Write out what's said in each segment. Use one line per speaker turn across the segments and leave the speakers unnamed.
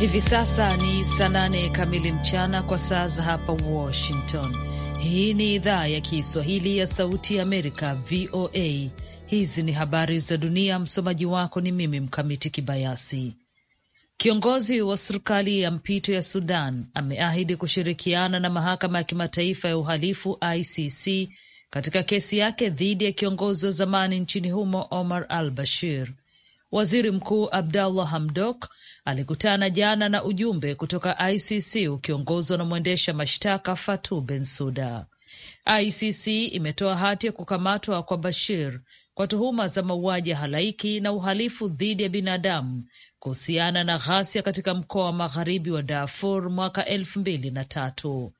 Hivi sasa ni saa nane kamili mchana kwa saa za hapa Washington. Hii ni idhaa ya Kiswahili ya Sauti ya Amerika, VOA. Hizi ni habari za dunia. Msomaji wako ni mimi Mkamiti Kibayasi. Kiongozi wa serikali ya mpito ya Sudan ameahidi kushirikiana na mahakama ya kimataifa ya uhalifu ICC katika kesi yake dhidi ya kiongozi wa zamani nchini humo Omar al Bashir Waziri Mkuu Abdallah Hamdok alikutana jana na ujumbe kutoka ICC ukiongozwa na mwendesha mashtaka Fatu Bensuda. ICC imetoa hati ya kukamatwa kwa Bashir kwa tuhuma za mauaji ya halaiki na uhalifu dhidi ya binadamu kuhusiana na ghasia katika mkoa wa magharibi wa Darfur mwaka elfu mbili na tatu.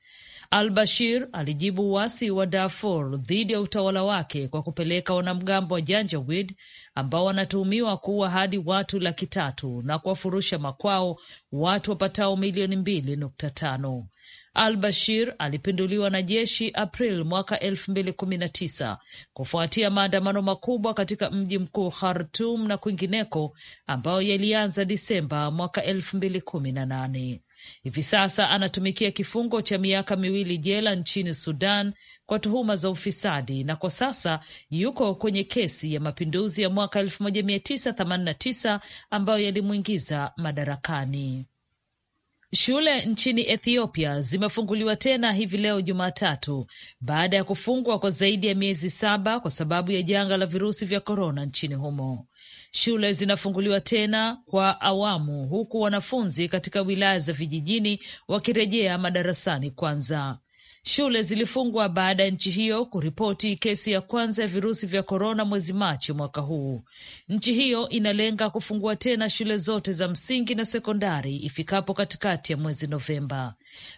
Al-Bashir alijibu uasi wa Darfur dhidi ya utawala wake kwa kupeleka wanamgambo wa Janjawid ambao wanatuhumiwa kuua hadi watu laki tatu na kuwafurusha makwao watu wapatao milioni mbili nukta tano. Al Bashir alipinduliwa na jeshi April mwaka elfu mbili kumi na tisa kufuatia maandamano makubwa katika mji mkuu Khartum na kwingineko ambayo yalianza Disemba mwaka elfu mbili kumi na nane hivi sasa anatumikia kifungo cha miaka miwili jela nchini Sudan kwa tuhuma za ufisadi na kwa sasa yuko kwenye kesi ya mapinduzi ya mwaka 1989 ambayo yalimwingiza madarakani. Shule nchini Ethiopia zimefunguliwa tena hivi leo Jumatatu baada ya kufungwa kwa zaidi ya miezi saba kwa sababu ya janga la virusi vya korona nchini humo. Shule zinafunguliwa tena kwa awamu, huku wanafunzi katika wilaya za vijijini wakirejea madarasani kwanza. Shule zilifungwa baada ya nchi hiyo kuripoti kesi ya kwanza ya virusi vya korona mwezi Machi mwaka huu. Nchi hiyo inalenga kufungua tena shule zote za msingi na sekondari ifikapo katikati ya mwezi Novemba.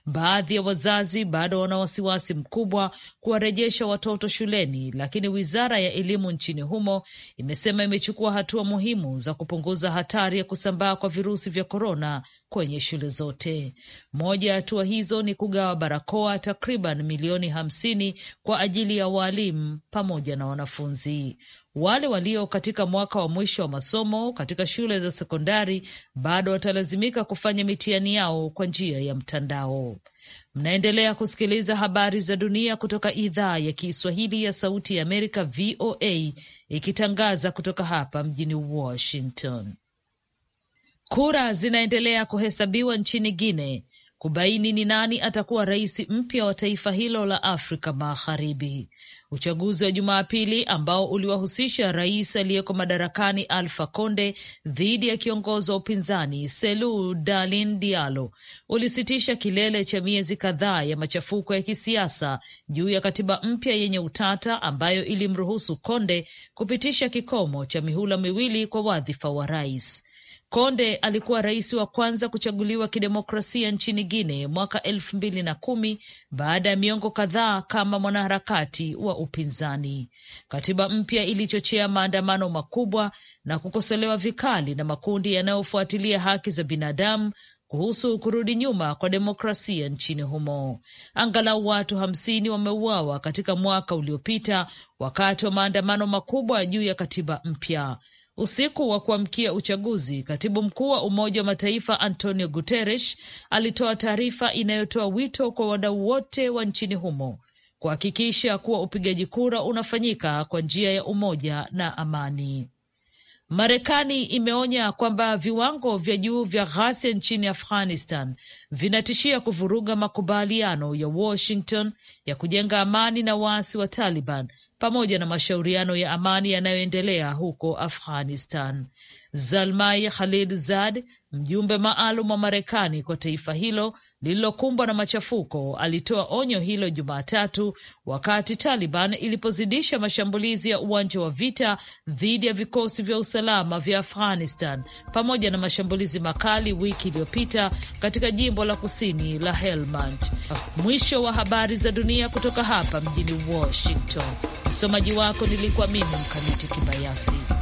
Baadhi ya wazazi bado wana wasiwasi mkubwa kuwarejesha watoto shuleni, lakini wizara ya elimu nchini humo imesema imechukua hatua muhimu za kupunguza hatari ya kusambaa kwa virusi vya korona kwenye shule zote. Moja ya hatua hizo ni kugawa barakoa takriban milioni hamsini kwa ajili ya waalimu pamoja na wanafunzi. Wale walio katika mwaka wa mwisho wa masomo katika shule za sekondari bado watalazimika kufanya mitihani yao kwa njia ya mtandao. Mnaendelea kusikiliza habari za dunia kutoka idhaa ya Kiswahili ya Sauti ya Amerika, VOA, ikitangaza kutoka hapa mjini Washington. Kura zinaendelea kuhesabiwa nchini Guinea kubaini ni nani atakuwa rais mpya wa taifa hilo la Afrika Magharibi. Uchaguzi wa Jumapili ambao uliwahusisha rais aliyeko madarakani alfa Conde dhidi ya kiongozi wa upinzani Selu Dalin Dialo ulisitisha kilele cha miezi kadhaa ya machafuko ya kisiasa juu ya katiba mpya yenye utata ambayo ilimruhusu Konde kupitisha kikomo cha mihula miwili kwa wadhifa wa rais. Konde alikuwa rais wa kwanza kuchaguliwa kidemokrasia nchini guine mwaka elfu mbili na kumi baada ya miongo kadhaa kama mwanaharakati wa upinzani. Katiba mpya ilichochea maandamano makubwa na kukosolewa vikali na makundi yanayofuatilia haki za binadamu kuhusu kurudi nyuma kwa demokrasia nchini humo. Angalau watu hamsini wameuawa katika mwaka uliopita wakati wa maandamano makubwa juu ya katiba mpya. Usiku wa kuamkia uchaguzi, katibu mkuu wa Umoja wa Mataifa Antonio Guterres alitoa taarifa inayotoa wito kwa wadau wote wa nchini humo kuhakikisha kuwa upigaji kura unafanyika kwa njia ya umoja na amani. Marekani imeonya kwamba viwango vya juu vya ghasia nchini Afghanistan vinatishia kuvuruga makubaliano ya Washington ya kujenga amani na waasi wa Taliban pamoja na mashauriano ya amani yanayoendelea huko Afghanistan. Zalmai Khalilzad, mjumbe maalum wa Marekani kwa taifa hilo lililokumbwa na machafuko, alitoa onyo hilo Jumatatu wakati Taliban ilipozidisha mashambulizi ya uwanja wa vita dhidi ya vikosi vya usalama vya Afghanistan pamoja na mashambulizi makali wiki iliyopita katika jimbo la kusini la Helmand. Mwisho wa habari za dunia kutoka hapa mjini Washington. Msomaji wako nilikuwa mimi Mkamiti Kibayasi.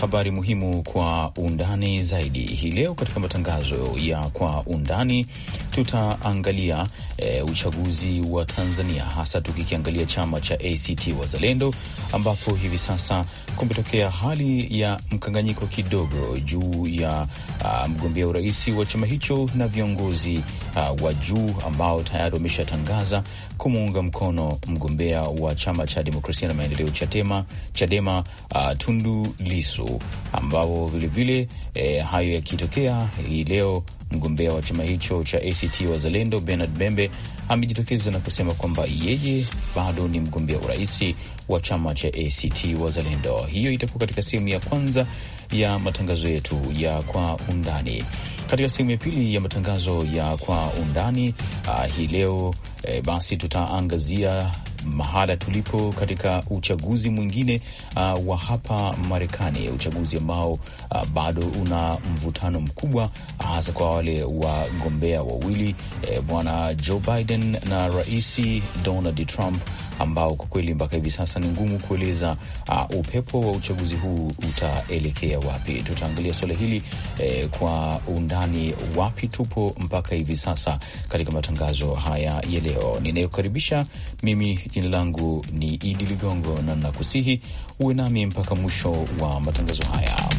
habari muhimu kwa undani zaidi. Hii leo katika matangazo ya kwa undani tutaangalia e, uchaguzi wa Tanzania, hasa tukikiangalia chama cha ACT Wazalendo, ambapo hivi sasa kumetokea hali ya mkanganyiko kidogo juu ya ah, mgombea urais wa chama hicho na viongozi ah, wa juu ambao tayari wameshatangaza kumuunga mkono mgombea wa chama cha demokrasia na maendeleo Chadema, Chadema a, ah, Tundu Lisu Lisu, ambao vilevile e, eh, hayo yakitokea hii leo mgombea wa chama hicho cha ACT Wazalendo Bernard Membe amejitokeza na kusema kwamba yeye bado ni mgombea uraisi wa chama cha ACT Wazalendo. Hiyo itakuwa katika sehemu ya kwanza ya matangazo yetu ya Kwa Undani. Katika sehemu ya pili ya matangazo ya Kwa Undani uh, hii leo eh, basi tutaangazia mahala tulipo katika uchaguzi mwingine uh, wa hapa Marekani, uchaguzi ambao uh, bado una mvutano mkubwa, hasa kwa wale wagombea wawili eh, bwana Joe Biden na Raisi Donald Trump ambao kwa kweli mpaka hivi sasa ni ngumu kueleza uh, upepo wa uchaguzi huu utaelekea wapi. Tutaangalia suala hili eh, kwa undani, wapi tupo mpaka hivi sasa katika matangazo haya ya leo ninayokaribisha mimi Jina langu ni Idi Ligongo na nakusihi uwe nami mpaka mwisho wa matangazo haya.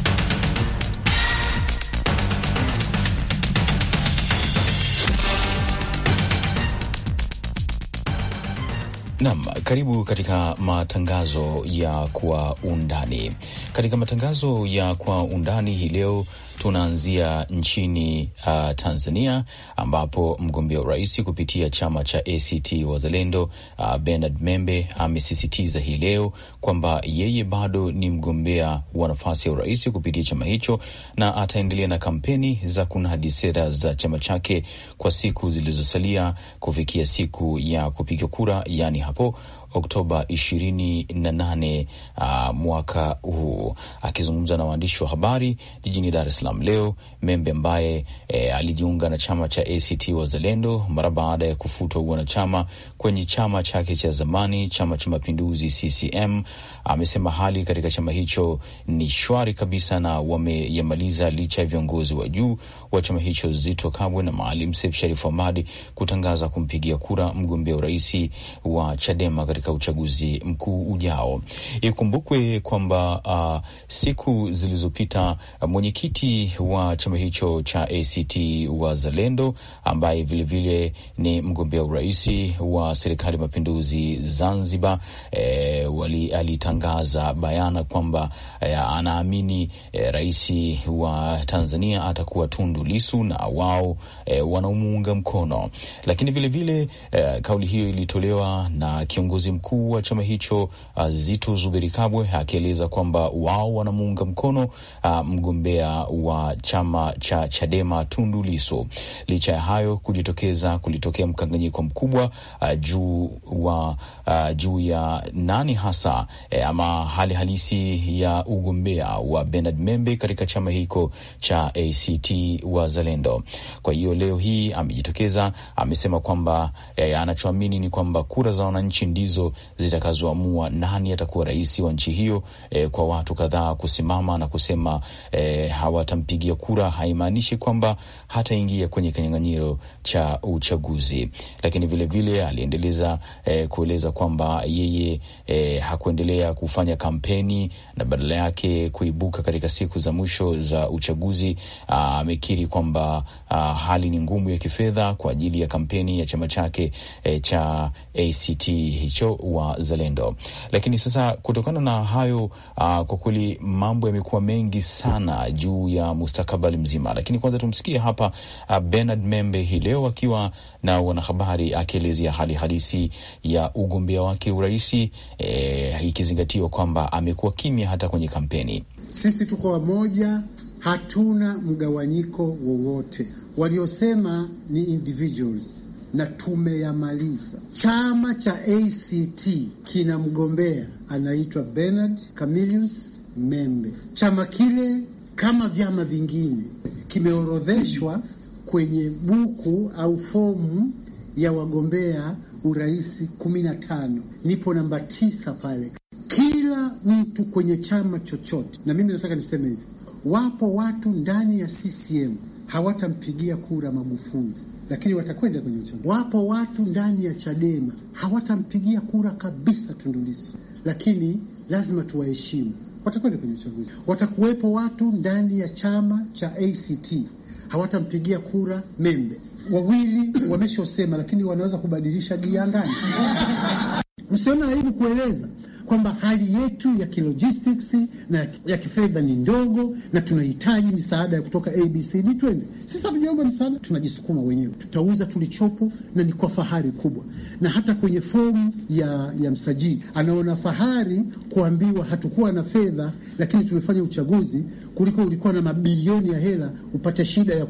Nam, karibu katika matangazo ya kwa undani. Katika matangazo ya kwa undani hii leo Tunaanzia nchini uh, Tanzania ambapo mgombea urais kupitia chama cha ACT Wazalendo uh, Bernard Membe amesisitiza hii leo kwamba yeye bado ni mgombea wa nafasi ya urais kupitia chama hicho na ataendelea na kampeni za kunadi sera za chama chake kwa siku zilizosalia kufikia siku ya kupiga kura, yaani hapo Oktoba 28 uh, mwaka huu. Akizungumza na waandishi wa habari jijini Dar es Salaam leo, Membe ambaye e, eh, alijiunga na chama cha ACT Wazalendo mara baada ya kufutwa chama kwenye chama chake cha zamani, Chama cha Mapinduzi CCM, amesema hali katika chama hicho ni shwari kabisa na wameyamaliza licha ya viongozi wa juu wa chama hicho Zito Kabwe na Maalim Seif Sharif Hamad kutangaza kumpigia kura mgombea urais wa Chadema katika uchaguzi mkuu ujao. Ikumbukwe kwamba uh, siku zilizopita uh, mwenyekiti wa chama hicho cha ACT wa zalendo ambaye vilevile ni mgombea urais wa serikali ya mapinduzi Zanzibar e, wali, alitangaza bayana kwamba e, anaamini e, rais wa Tanzania atakuwa Tundu Lisu na wao e, wanamuunga mkono, lakini vilevile vile, e, kauli hiyo ilitolewa na kiongozi mkurugenzi mkuu wa chama hicho uh, Zito Zuberi Kabwe akieleza kwamba wao wanamuunga mkono uh, mgombea wa chama cha Chadema Tundu Lisu. Licha ya hayo kujitokeza, kulitokea mkanganyiko mkubwa uh, juu wa uh, juu ya nani hasa eh, ama hali halisi ya ugombea wa Bernard Membe katika chama hiko cha ACT Wazalendo. Kwa hiyo leo hii amejitokeza, amesema kwamba eh, anachoamini ni kwamba kura za wananchi ndizo ambazo zitakazoamua nani atakuwa rais wa nchi hiyo. E, kwa watu kadhaa kusimama na kusema e, hawatampigia kura haimaanishi kwamba hataingia kwenye kinyang'anyiro cha uchaguzi. Lakini vilevile aliendeleza eh, kueleza kwamba yeye eh, hakuendelea kufanya kampeni na badala yake kuibuka katika siku za mwisho za uchaguzi. Ah, amekiri ah, kwamba ah, hali ni ngumu ya kifedha kwa ajili ya kampeni ya chama chake eh, cha ACT hicho Wazalendo. Lakini sasa kutokana na hayo ah, kwa kweli mambo yamekuwa mengi sana juu ya mustakabali mzima, lakini kwanza tumsikie hapa hapa uh, Bernard Membe hii leo akiwa na wanahabari akielezea hali halisi ya ugombea wake uraisi, e, eh, ikizingatiwa kwamba amekuwa kimya hata kwenye kampeni.
Sisi tuko wamoja, hatuna mgawanyiko wowote. Waliosema ni individuals na tumeyamaliza. Chama cha ACT kina mgombea anaitwa Bernard Camillus Membe. Chama kile kama vyama vingine kimeorodheshwa kwenye buku au fomu ya wagombea urais kumi na tano. Nipo namba tisa pale. Kila mtu kwenye chama chochote, na mimi nataka niseme hivi, wapo watu ndani ya CCM hawatampigia kura Magufuli, lakini watakwenda kwenye uchaguzi. Wapo watu ndani ya Chadema hawatampigia kura kabisa Tundu Lissu, lakini lazima tuwaheshimu watakwenda kwenye uchaguzi. Watakuwepo watu ndani ya chama cha ACT hawatampigia kura Membe. Wawili wameshosema, lakini wanaweza kubadilisha gia ngani? Msiona aibu kueleza kwamba hali yetu ya kilogistics na ya kifedha ni ndogo na tunahitaji misaada ya kutoka ABCD. Twende sisi, hatujaomba misaada, tunajisukuma wenyewe, tutauza tulichopo, na ni kwa fahari kubwa. Na hata kwenye fomu ya, ya msajili anaona fahari kuambiwa hatukuwa na fedha, lakini tumefanya uchaguzi kuliko ulikuwa na mabilioni ya hela upate shida ya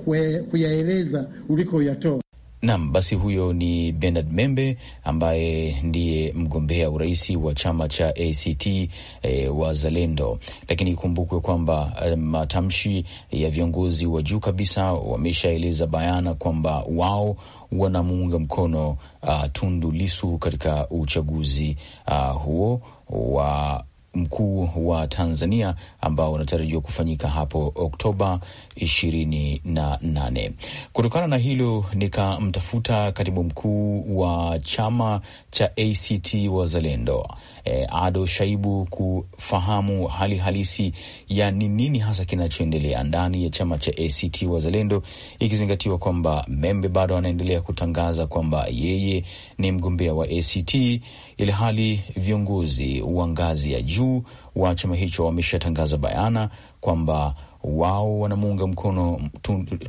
kuyaeleza ulikoyatoa.
Nam, basi huyo ni Bernard Membe ambaye ndiye mgombea urais wa chama cha ACT e, eh, Wazalendo. Lakini ikumbukwe kwamba eh, matamshi ya viongozi wa juu kabisa wameshaeleza bayana kwamba wao wanamuunga mkono uh, Tundu Lisu katika uchaguzi uh, huo wa mkuu wa Tanzania ambao unatarajiwa kufanyika hapo Oktoba ishirini na nane. Kutokana na hilo, nikamtafuta katibu mkuu wa chama cha ACT Wazalendo e, Ado Shaibu kufahamu hali halisi ya ni nini hasa kinachoendelea ndani ya chama cha ACT Wazalendo, ikizingatiwa kwamba Membe bado anaendelea kutangaza kwamba yeye ni mgombea wa ACT ili hali viongozi wa ngazi ya juu wa chama hicho wameshatangaza bayana kwamba wao wanamuunga mkono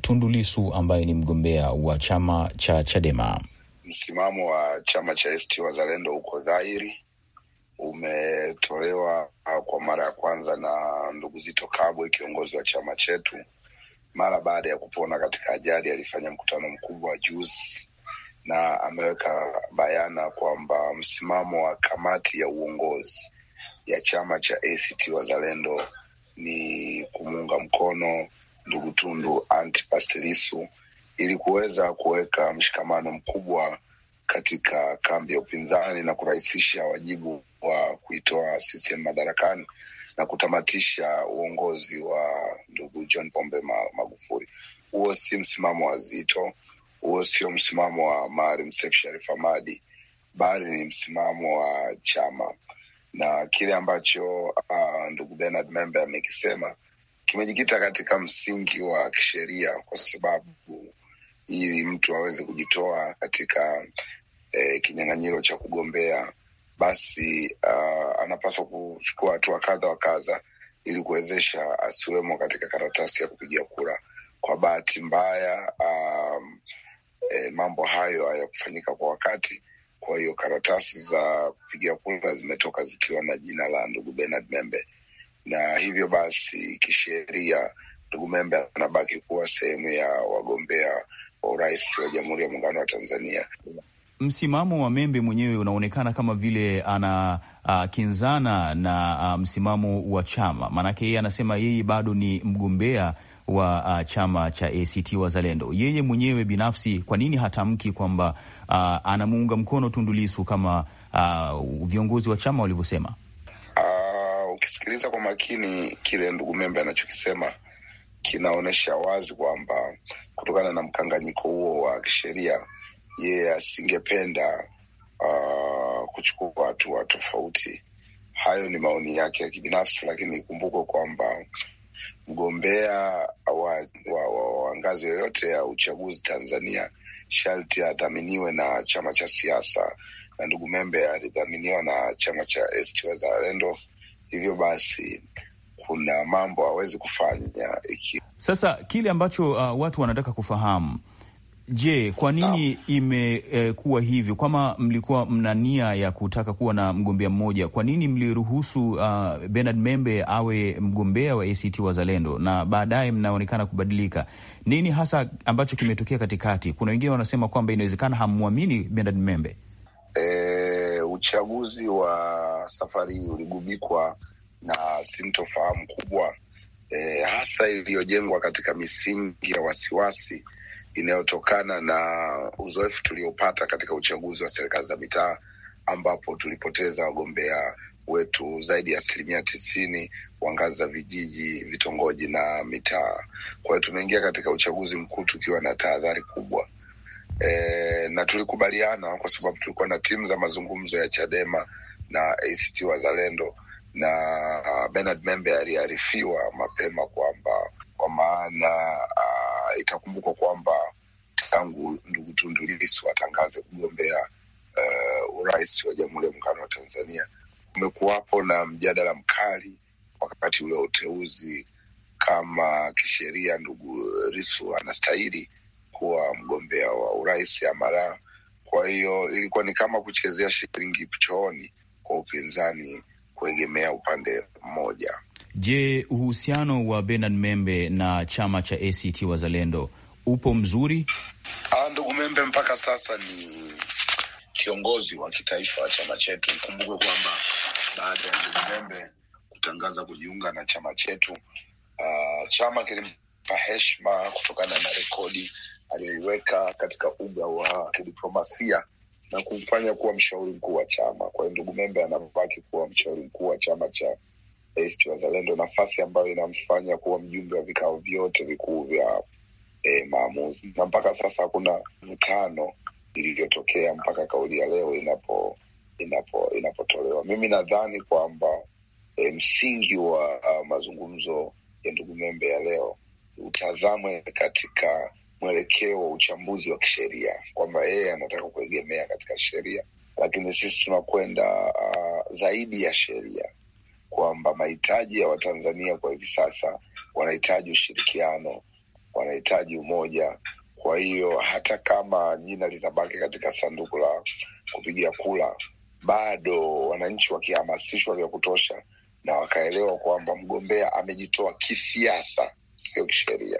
Tundu ambaye ni mgombea wa chama cha Chadema.
Msimamo wa chama cha ACT Wazalendo uko dhahiri, umetolewa kwa mara ya kwanza na ndugu Zito Kabwe, kiongozi wa chama chetu, mara baada ya kupona katika ajali. Alifanya mkutano mkubwa juzi na ameweka bayana kwamba msimamo wa kamati ya uongozi ya chama cha ACT Wazalendo ni kumuunga mkono ndugu Tundu Antipas Lissu ili kuweza kuweka mshikamano mkubwa katika kambi ya upinzani na kurahisisha wajibu wa kuitoa CCM madarakani na kutamatisha uongozi wa ndugu John Pombe Magufuli. Huo si msimamo wa Zito, huo sio msimamo wa Maalim Seif Sharif Hamad, bali ni msimamo wa chama, na kile ambacho uh, ndugu Bernard Membe amekisema kimejikita katika msingi wa kisheria, kwa sababu ili mtu aweze kujitoa katika eh, kinyang'anyiro cha kugombea basi uh, anapaswa kuchukua hatua kadha wa kadha ili kuwezesha asiwemo katika karatasi ya kupigia kura. Kwa bahati mbaya, um, eh, mambo hayo hayakufanyika kwa wakati. Kwa hiyo karatasi za kupigia kura zimetoka zikiwa na jina la ndugu Bernard Membe, na hivyo basi kisheria ndugu Membe anabaki kuwa sehemu ya wagombea wa urais wa Jamhuri ya Muungano wa Tanzania.
Msimamo wa Membe mwenyewe unaonekana kama vile ana uh, kinzana na uh, msimamo wa chama, maanake yeye anasema yeye bado ni mgombea wa uh, chama cha ACT Wazalendo. Yeye mwenyewe binafsi, kwa nini hatamki kwamba uh, anamuunga mkono Tundu Lissu kama uh, viongozi wa chama walivyosema?
Uh, ukisikiliza kwa makini kile ndugu Membe anachokisema kinaonyesha wazi kwamba kutokana na mkanganyiko huo wa kisheria yeye yeah, asingependa uh, kuchukua hatua tofauti. Hayo ni maoni yake ya kibinafsi, lakini ikumbukwe kwamba mgombea wa, wa, wa, wa ngazi yoyote ya uchaguzi Tanzania sharti adhaminiwe na chama cha siasa, na ndugu Membe alidhaminiwa na chama cha ACT Wazalendo. Hivyo basi kuna mambo hawezi kufanya iki.
Sasa kile ambacho uh, watu wanataka kufahamu Je, kwa nini imekuwa eh, hivyo? Kama mlikuwa mna nia ya kutaka kuwa na mgombea mmoja, kwa nini mliruhusu uh, Bernard Membe awe mgombea wa ACT Wazalendo na baadaye mnaonekana kubadilika? Nini hasa ambacho kimetokea katikati? Kuna wengine wanasema kwamba inawezekana hammwamini Bernard
Membe. E, uchaguzi wa safari uligubikwa na sintofahamu kubwa, e, hasa iliyojengwa katika misingi ya wasiwasi inayotokana na uzoefu tuliopata katika uchaguzi wa serikali za mitaa ambapo tulipoteza wagombea wetu zaidi ya asilimia tisini wa ngazi za vijiji, vitongoji na mitaa. Kwa hiyo tunaingia katika uchaguzi mkuu tukiwa na tahadhari kubwa e, na tulikubaliana kwa sababu tulikuwa na timu za mazungumzo ya Chadema na ACT Wazalendo na Bernard Membe aliarifiwa mapema kwamba kwa maana itakumbukwa kwamba tangu ndugu Tundu Lissu atangaze kugombea uh, urais wa Jamhuri ya Muungano wa Tanzania, kumekuwapo na mjadala mkali wakati ule wa uteuzi, kama kisheria ndugu Lissu anastahili kuwa mgombea wa urais ama la. Kwa hiyo ilikuwa ni kama kuchezea shilingi chooni kwa upinzani kuegemea upande mmoja.
Je, uhusiano wa Bernard Membe na chama cha ACT Wazalendo upo mzuri? Ah, ndugu Membe mpaka sasa ni
kiongozi wa kitaifa wa chama chetu. Kumbuke kwamba baada ya ndugu Membe
kutangaza kujiunga na chama chetu, uh, chama kilimpa heshima kutokana na rekodi aliyoiweka katika uga wa kidiplomasia na kumfanya kuwa mshauri mkuu wa chama. Kwa hiyo ndugu Membe anabaki kuwa mshauri mkuu wa chama cha ACT Wazalendo, nafasi ambayo inamfanya kuwa mjumbe wa vikao vyote vikuu vya e, maamuzi, na mpaka sasa hakuna mvutano ilivyotokea mpaka kauli ya leo inapo inapo inapotolewa. Mimi nadhani kwamba e, msingi wa a, mazungumzo ya ndugu Membe ya leo utazamwe katika mwelekeo wa uchambuzi wa kisheria, kwamba yeye anataka kuegemea katika sheria, lakini sisi tunakwenda uh, zaidi ya sheria kwamba mahitaji ya Watanzania kwa hivi sasa, wanahitaji ushirikiano, wanahitaji umoja. Kwa hiyo hata kama jina litabaki katika sanduku la kupigia kura, bado wananchi wakihamasishwa vya kutosha na wakaelewa kwamba mgombea amejitoa kisiasa, sio kisheria,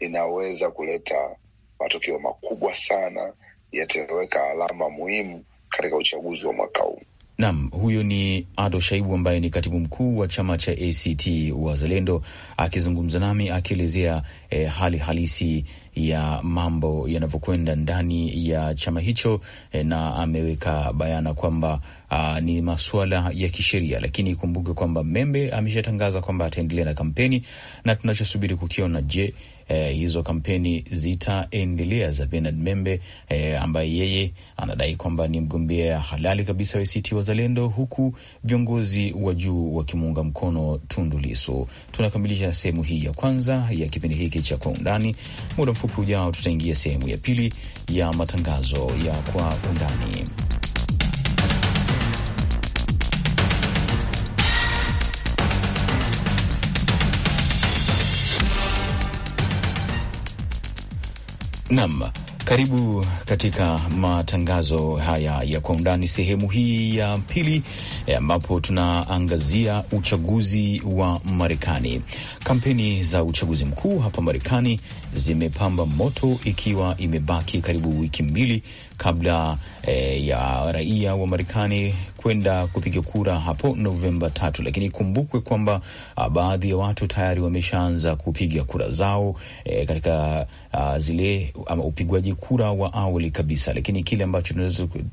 inaweza kuleta matokeo makubwa sana yatayoweka alama muhimu katika uchaguzi wa mwaka
huu. Nam, huyo ni Ado Shaibu ambaye ni katibu mkuu wa chama cha ACT Wazalendo akizungumza nami akielezea eh, hali halisi ya mambo yanavyokwenda ndani ya chama hicho eh, na ameweka bayana kwamba uh, ni masuala ya kisheria, lakini ikumbuke kwamba Membe ameshatangaza kwamba ataendelea na kampeni, na tunachosubiri kukiona, je, eh, hizo kampeni zitaendelea za Bernard Membe eh, ambaye yeye anadai kwamba ni mgombea halali kabisa wa ACT Wazalendo, huku viongozi wa juu wakimuunga mkono Tundu Lissu. Tunakamilisha sehemu hii ya kwanza ya kipindi hiki cha Kwa Undani. Muda mfupi ujao, tutaingia sehemu ya pili ya matangazo ya Kwa Undani. nam karibu katika matangazo haya ya kwa undani sehemu hii ya pili, eh, ambapo tunaangazia uchaguzi wa Marekani. Kampeni za uchaguzi mkuu hapa Marekani zimepamba moto, ikiwa imebaki karibu wiki mbili kabla eh, ya raia wa Marekani kwenda kupiga kura hapo Novemba tatu. Lakini kumbukwe kwamba ah, baadhi ya watu tayari wameshaanza kupiga kura zao eh, katika uh, zile ama upigwaji kura wa awali kabisa. Lakini kile ambacho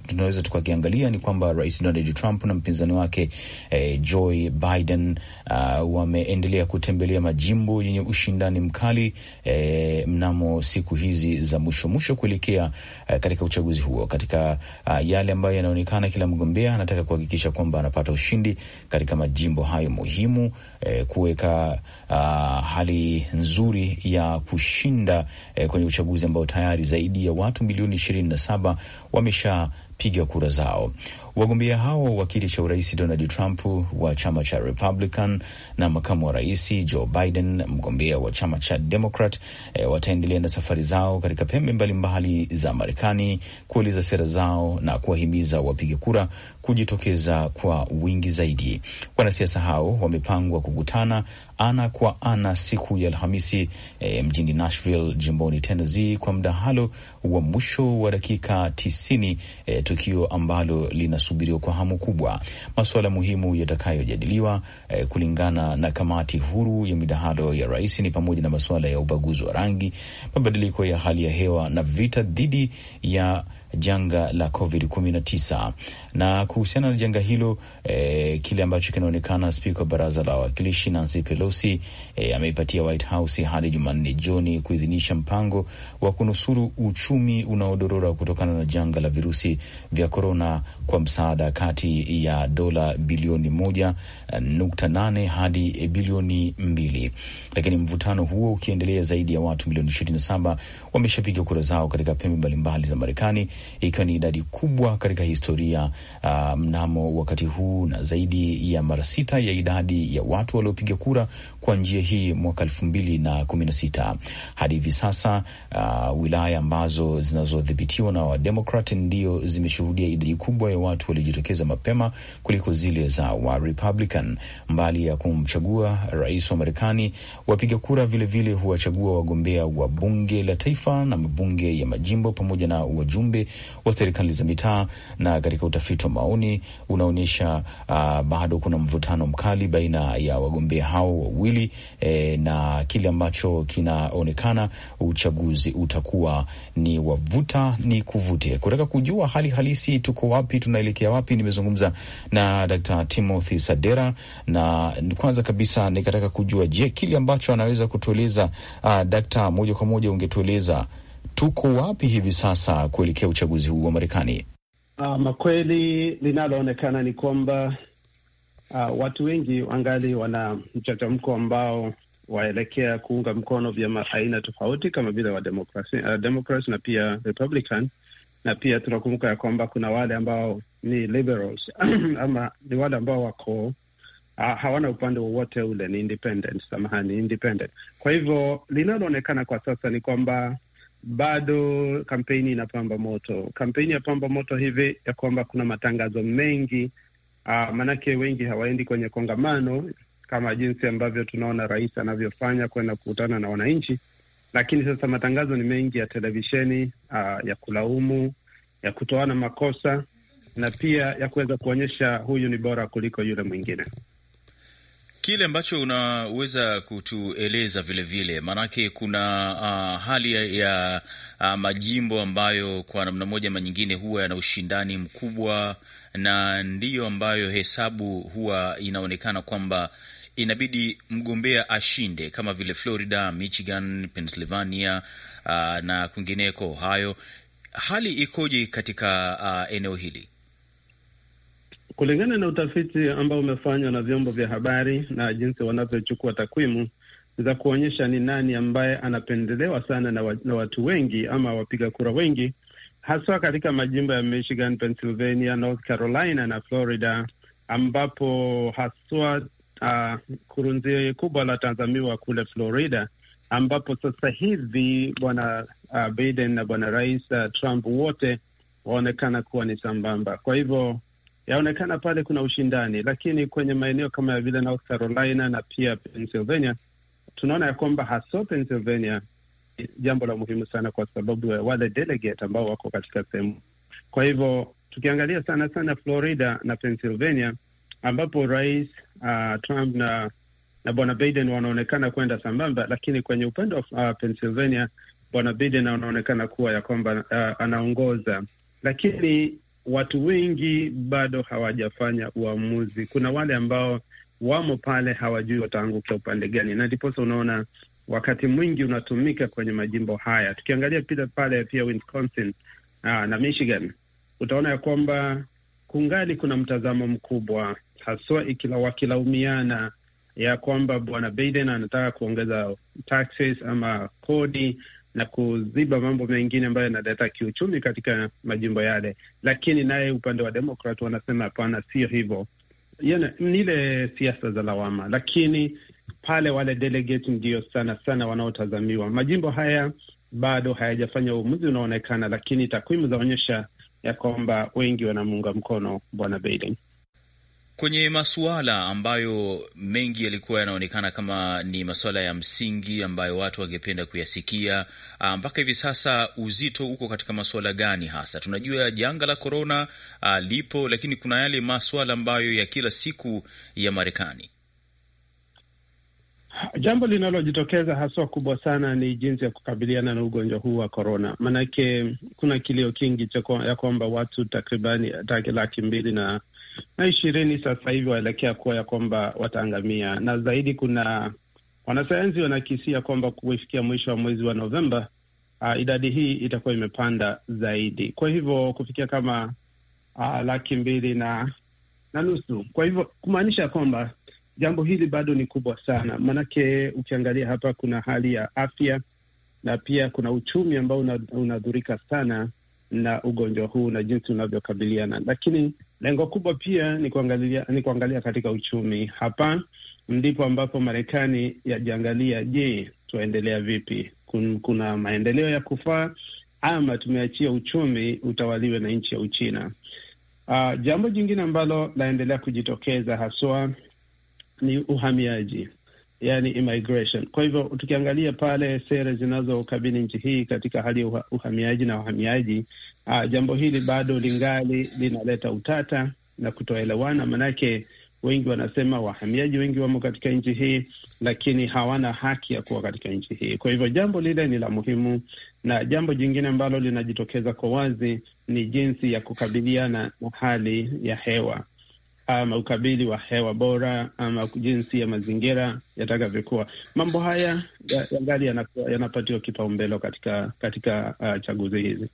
tunaweza tukakiangalia ni kwamba Rais Donald Trump na mpinzani wake eh, Joe Biden uh, wameendelea kutembelea majimbo yenye ushindani mkali eh, mnamo siku hizi za mwisho mwisho kuelekea eh, katika uchaguzi uchaguzi huo katika uh, yale ambayo yanaonekana, kila mgombea anataka kuhakikisha kwamba anapata ushindi katika majimbo hayo muhimu, eh, kuweka uh, hali nzuri ya kushinda eh, kwenye uchaguzi ambao tayari zaidi ya watu milioni ishirini na saba wameshapiga kura zao. Wagombea hao wa kiti cha urais Donald Trump wa chama cha Republican na makamu wa rais Joe Biden, mgombea wa chama cha Democrat, e, wataendelea na safari zao katika pembe mbalimbali mbali za Marekani kueleza sera zao na kuwahimiza wapiga kura kujitokeza kwa wingi zaidi. Wanasiasa hao wamepangwa kukutana ana kwa ana siku ya Alhamisi e, mjini Nashville jimboni Tennessee kwa mdahalo wa mwisho wa dakika tisini, e, tukio ambalo linasubiriwa kwa hamu kubwa. Masuala muhimu yatakayojadiliwa e, kulingana na kamati huru ya midahalo ya rais ni pamoja na masuala ya ubaguzi wa rangi, mabadiliko ya hali ya hewa na vita dhidi ya janga la COVID-19. Na kuhusiana na janga hilo e, kile ambacho kinaonekana spika wa baraza la wawakilishi Nancy Pelosi e, ameipatia White House hadi Jumanne jioni kuidhinisha mpango wa kunusuru uchumi unaodorora kutokana na janga la virusi vya korona kwa msaada kati ya dola bilioni moja eh, nukta nane hadi bilioni mbili, lakini mvutano huo ukiendelea, zaidi ya watu milioni saba wameshapiga kura zao katika pembe mbalimbali za Marekani, ikiwa ni idadi kubwa katika historia uh, mnamo wakati huu huu na zaidi ya mara sita ya idadi ya watu waliopiga kura kwa njia hii mwaka elfu mbili na kumi na sita hadi hivi sasa. Uh, wilaya ambazo zinazodhibitiwa na Wademokrat ndio zimeshuhudia idadi kubwa ya watu waliojitokeza mapema kuliko zile za Warepublican. Mbali ya kumchagua rais wa Marekani, wapiga kura vilevile huwachagua wagombea wa bunge la taifa na mabunge ya majimbo pamoja na wajumbe wa serikali za mitaa, na katika utafiti wa maoni unaonyesha uh, bado kuna mvutano mkali baina ya wagombea hao wawili eh, na kile ambacho kinaonekana uchaguzi utakuwa ni wavuta ni kuvute. Kutaka kujua hali halisi, tuko wapi, tunaelekea wapi, nimezungumza na Dkt. Timothy Sadera, na kwanza kabisa nikataka kujua, je, kile ambacho anaweza kutueleza uh, ah, dakta, moja kwa moja ungetueleza tuko wapi hivi sasa kuelekea uchaguzi huu wa Marekani?
Uh, makweli linaloonekana ni kwamba uh, watu wengi wangali wana mchangamko ambao waelekea kuunga mkono vyama aina tofauti kama vile wa demokrasi, uh, ah, na pia Republican, na pia tunakumbuka ya kwamba kuna wale ambao ni liberals ama ni wale ambao wako Uh, hawana upande wowote ule, ni independent, samahani, independent. Kwa hivyo linaloonekana kwa sasa ni kwamba bado kampeni inapamba moto. Kampeni ya pamba moto hivi ya kwamba kuna matangazo mengi uh, ah, maanake wengi hawaendi kwenye kongamano kama jinsi ambavyo tunaona rais anavyofanya kwenda kukutana na wananchi, lakini sasa matangazo ni mengi ya televisheni uh, ya kulaumu, ya kutoana makosa na pia ya kuweza kuonyesha huyu ni bora kuliko yule mwingine
kile ambacho unaweza kutueleza vilevile, maanake kuna uh, hali ya uh, majimbo ambayo kwa namna moja ama nyingine huwa yana ushindani mkubwa, na ndiyo ambayo hesabu huwa inaonekana kwamba inabidi mgombea ashinde, kama vile Florida, Michigan, Pennsylvania uh, na kwingineko. hayo hali ikoje katika uh, eneo hili?
Kulingana na utafiti ambao umefanywa na vyombo vya habari na jinsi wanavyochukua takwimu za kuonyesha ni nani ambaye anapendelewa sana na, wa, na watu wengi ama wapiga kura wengi, haswa katika majimbo ya Michigan, Pennsylvania, North Carolina na Florida, ambapo haswa uh, kurunzi kubwa la tazamiwa kule Florida, ambapo sasa hivi bwana uh, Biden na bwana rais uh, Trump wote waonekana kuwa ni sambamba. Kwa hivyo yaonekana pale kuna ushindani, lakini kwenye maeneo kama vile North Carolina na pia Pennsylvania tunaona ya kwamba haswa Pennsylvania ni jambo la muhimu sana, kwa sababu ya wale delegate ambao wako katika sehemu. Kwa hivyo tukiangalia sana sana Florida na Pennsylvania ambapo rais uh, Trump na na bwana Biden wanaonekana kwenda sambamba, lakini kwenye upande wa uh, Pennsylvania bwana Biden anaonekana kuwa ya kwamba uh, anaongoza, lakini watu wengi bado hawajafanya uamuzi. Kuna wale ambao wamo pale hawajui wataangukia upande gani, na ndiposa unaona wakati mwingi unatumika kwenye majimbo haya. Tukiangalia pia pale pia Wisconsin aa, ah, na Michigan, utaona ya kwamba kungali kuna mtazamo mkubwa, haswa ikila wakilaumiana ya kwamba bwana Biden anataka kuongeza taxes ama kodi na kuziba mambo mengine ambayo yanaleta kiuchumi katika majimbo yale. Lakini naye upande wa Demokrat wanasema hapana, sio hivyo, ni ile siasa za lawama. Lakini pale wale delegate ndio sana sana wanaotazamiwa. Majimbo haya bado hayajafanya uamuzi unaonekana, lakini takwimu zaonyesha ya kwamba wengi wanamuunga mkono bwana Biden
kwenye masuala ambayo mengi yalikuwa yanaonekana kama ni masuala ya msingi ambayo watu wangependa kuyasikia ah, mpaka hivi sasa, uzito uko katika masuala gani hasa? Tunajua janga la korona ah, lipo, lakini kuna yale masuala ambayo ya kila siku ya Marekani.
Jambo linalojitokeza haswa kubwa sana ni jinsi ya kukabiliana na ugonjwa huu wa korona, maanake kuna kilio kingi ya kwamba watu takribani eh, laki mbili na na ishirini sasa hivi waelekea kuwa ya kwamba wataangamia, na zaidi kuna wanasayansi wanakisia kwamba kufikia mwisho wa mwezi wa Novemba uh, idadi hii itakuwa imepanda zaidi, kwa hivyo kufikia kama uh, laki mbili na na nusu. Kwa hivyo kumaanisha kwamba jambo hili bado ni kubwa sana, maanake ukiangalia hapa kuna hali ya afya na pia kuna uchumi ambao unadhurika una sana na ugonjwa huu na jinsi unavyokabiliana, lakini Lengo kubwa pia ni kuangalia, ni kuangalia katika uchumi. Hapa ndipo ambapo Marekani yajiangalia, je, tuendelea vipi? Kun, kuna maendeleo ya kufaa ama tumeachia uchumi utawaliwe na nchi ya Uchina? Uh, jambo jingine ambalo laendelea kujitokeza haswa ni uhamiaji yani immigration. Kwa hivyo tukiangalia pale sera zinazokabili nchi hii katika hali ya uhamiaji na wahamiaji, uh, jambo hili bado lingali linaleta utata na kutoelewana, manake wengi wanasema wahamiaji wengi wamo katika nchi hii, lakini hawana haki ya kuwa katika nchi hii. Kwa hivyo jambo lile ni la muhimu, na jambo jingine ambalo linajitokeza kwa wazi ni jinsi ya kukabiliana na hali ya hewa ama ukabili wa hewa bora ama jinsi ya mazingira yatakavyokuwa. Mambo haya yangali ya yanapatiwa ya kipaumbele katika, katika uh, chaguzi hizi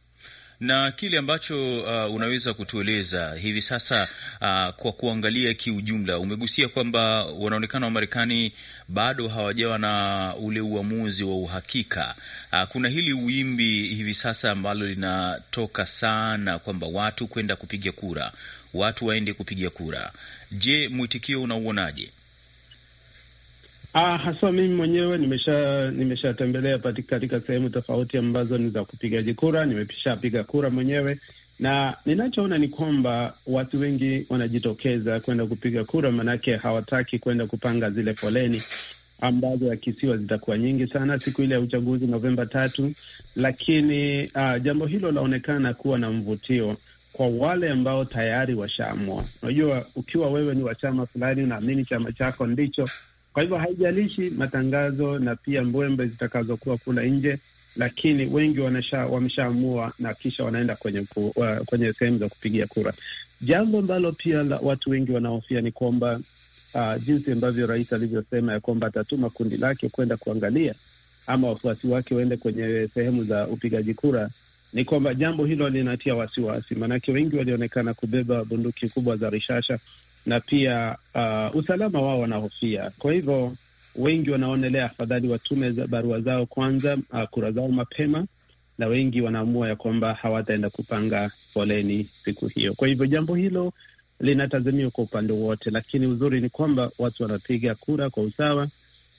na kile ambacho uh, unaweza kutueleza hivi sasa uh, kwa kuangalia kiujumla, umegusia kwamba wanaonekana wa Marekani bado hawajawa na ule uamuzi wa uhakika. Uh, kuna hili wimbi hivi sasa ambalo linatoka sana kwamba watu kwenda kupiga kura watu waende kupiga kura. Je, mwitikio unauonaje?
Ah, haswa mimi mwenyewe nimesha nimeshatembelea katika sehemu tofauti ambazo ni za kupigaji kura, nimeshapiga kura mwenyewe, na ninachoona ni kwamba watu wengi wanajitokeza kwenda kupiga kura, maanake hawataki kwenda kupanga zile foleni ambazo yakisiwa zitakuwa nyingi sana siku ile ya uchaguzi Novemba tatu. Lakini ah, jambo hilo laonekana kuwa na mvutio kwa wale ambao tayari washaamua. Unajua, ukiwa wewe ni wa chama fulani, unaamini chama chako ndicho. Kwa hivyo haijalishi matangazo na pia mbwembe zitakazokuwa kula nje, lakini wengi wameshaamua na kisha wanaenda kwenye, uh, kwenye sehemu za kupigia kura. Jambo ambalo pia la, watu wengi wanahofia ni kwamba uh, jinsi ambavyo rais alivyosema ya kwamba atatuma kundi lake kwenda kuangalia ama wafuasi wake waende kwenye sehemu za upigaji kura ni kwamba jambo hilo linatia wasiwasi, maanake wengi walionekana kubeba bunduki kubwa za rishasha na pia uh, usalama wao wanahofia. Kwa hivyo wengi wanaonelea afadhali watume za barua zao kwanza, uh, kura zao mapema, na wengi wanaamua ya kwamba hawataenda kupanga foleni siku hiyo. Kwa hivyo jambo hilo linatazamiwa kwa upande wote, lakini uzuri ni kwamba watu wanapiga kura kwa usawa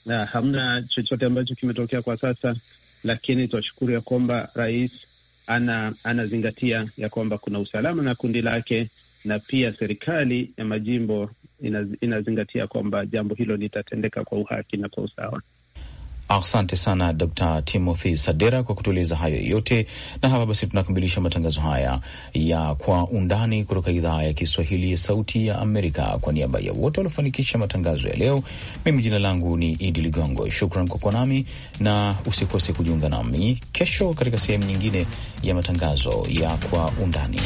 na hamna chochote ambacho kimetokea kwa sasa, lakini tunashukuru ya kwamba rais ana anazingatia ya kwamba kuna usalama na kundi lake, na pia serikali ya majimbo inaz, inazingatia kwamba jambo hilo litatendeka kwa uhaki na kwa usawa.
Asante sana Dr Timothy Sadera kwa kutueleza hayo yote, na hapa basi tunakamilisha matangazo haya ya Kwa Undani kutoka idhaa ya Kiswahili ya Sauti ya Amerika. Kwa niaba ya wote waliofanikisha matangazo ya leo, mimi jina langu ni Idi Ligongo. Shukran kwa kuwa nami na usikose kujiunga nami kesho katika sehemu nyingine ya matangazo ya Kwa Undani.